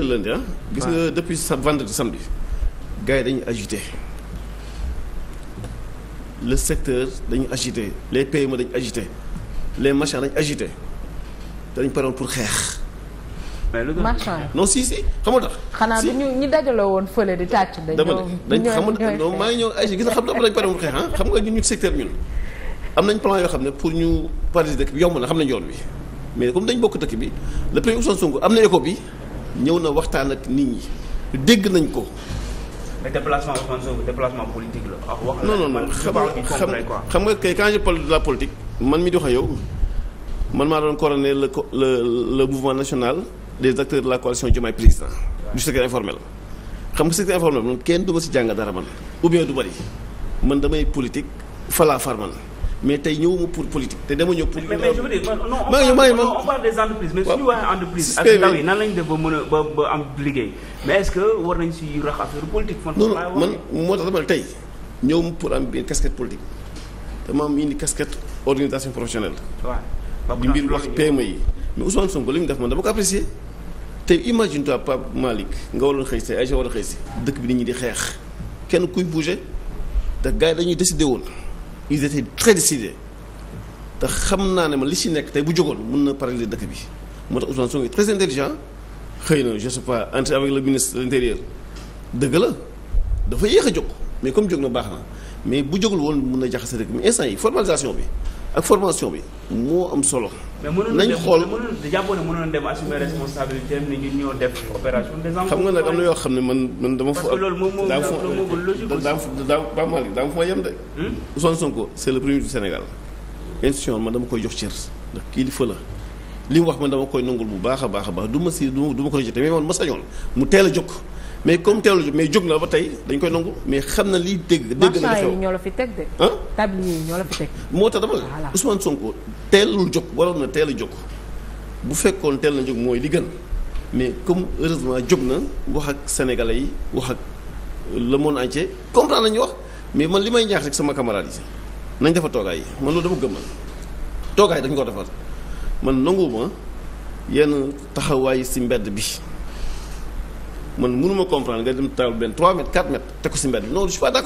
lundi ah gis nga ah. depuis sa vendredi samedi gars yi dañuy agité le secteur dañuy agité les PME dañu ajité les marchands dañu agité dañu paroon pour xeex marchand non si si xam nga tax xanaa du ñu ñu dajale woon fële di tàcc dañoo dañ xam nga non maa ngi ñëw agité gis nga xam nga dañu paroon pour xeex ah xam nga ñun ñu secteur ñun am nañ plan yoo xam ne pour ñu paralyser dëkk bi yomb na xam nañ yoon bi mais comme dañ bokk dëkk bi le premier Ousmane Sonko am ñëw na waxtaan ak nit ñi dégg nañ ko. mais déplacement Ousmane Sonko déplacement politique la. wax non non non xam nga xam nga kay quand je parle man mi di wax yow man maa doon coordonner le le le mouvement national des acteurs de la coalition Diomaye président. du secteur informel. xam nga secteur informel man kenn du ma si jàng dara man oubien bien du bari man damay politique falaa far man. mais tey ñëwuma pour politique te dama ñëw pour. mais mais je veux dire non on parle des entreprises mais suñu waxee entreprise ak ndaw yi nan lañ def ba mën a ba ba am liggéey mais est-ce que war nañ si rax affaire politique. fan man moo tax dama tey ñëwuma pour am benn casquette politique dama am indi casquette organisation professionnelle. waaw di mbir wax PME yi. mais Ousmane Sonko li mu def man dama ko apprécier tey imagine toi Pape Malick nga waroon xëy si Aïcha war a xëy si dëkk bi nit ñi di xeex kenn kuy bougé te gars yi dañuy décidé woon. ils étaient très décidés te xam naa ne ma li si nekk tey bu jógoon mun na paralyser dëkk bi moo tax Ousmane Sonko très intelligent xëy na je sais pas entre avec le ministre de l'intérieur dëgg la dafa yéex a jóg mais comme jóg na baax na mais bu jógul woon mën na jaxase rek mais instant yi formalisation bi ak formation bi moo am solo. nañ xool mais mënoon dem assumer responsabilité ni ñu ñoo def opération des xam nga nag am na yoo xam ne man man dama. fa dama fa dama fa yem de. Hmm? Ousmane son c' est le premier du Sénégal. institution ma dama koy jox cër ndax kilifa la li mu wax ma dama koy nangul bu baax a baax a baax du ma si du ma ko jotee mais man ma sañoon mu teel a jóg. mais comme teelu mais jóg na ba tey dañ koy nangu mais xam na liy dégg dégg na xew ñoo la fi teg de ah tablier yi ñoo la moo tax dama la Ousmane Sonko teelul jóg waroon na teel a jóg bu fekkoon teel na jóg mooy li gën mais comme heureusement jóg na wax ak sénégalais yi wax ak le monde entier comprendre nañu wax mais man li may ñaax rek sama camarade yi nañ defar toogaay yi man loolu dama gëm man toogaay dañ ko defar man nanguwuma yenn taxawaay si mbedd bi man mënuma comprendre nga dem taal benn 3 mètres 4 mètres te ko si mbedd non je suis pas d'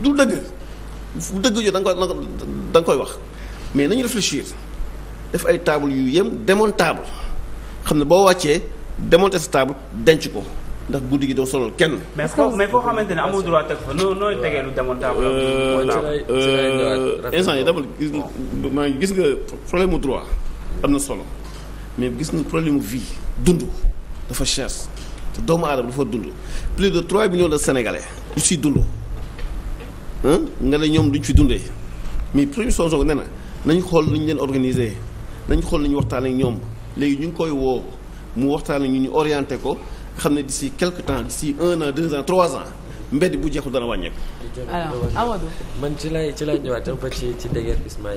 du dëgg bu dëgg jo da nga koy da nga koy wax mais nañu réfléchir def ay table yu yem démontable xam ne boo wàccee démonter sa table denc ko ndax guddi gi doo sonal kenn. mais foofu mais foo xamante ne amul droit teg fa noo nooy tegee lu démontable. Euh, euh, instant yi dama gis maa gis nga problème mu droit am na solo mais gis nga problème mu vie dund dafa cher. doomu doomu aadama fa dund plus de 3 millions de sénégalais yu si dund nga ne ñoom duñ fi dundee mais premier sonso nee na nañu xool nañ leen organiser nañ xool nañu waxtaan ak ñoom léegi ñu ngi koy woo mu waxtaan ak ñu ñu orienté ko xam ne d'ici quelque temps si un an deux ans trois ans mbedd bu jeexul dana wàññeeku. alors Amadou. man ci lay ci lay ñëwaat ba ci ci Ismaïla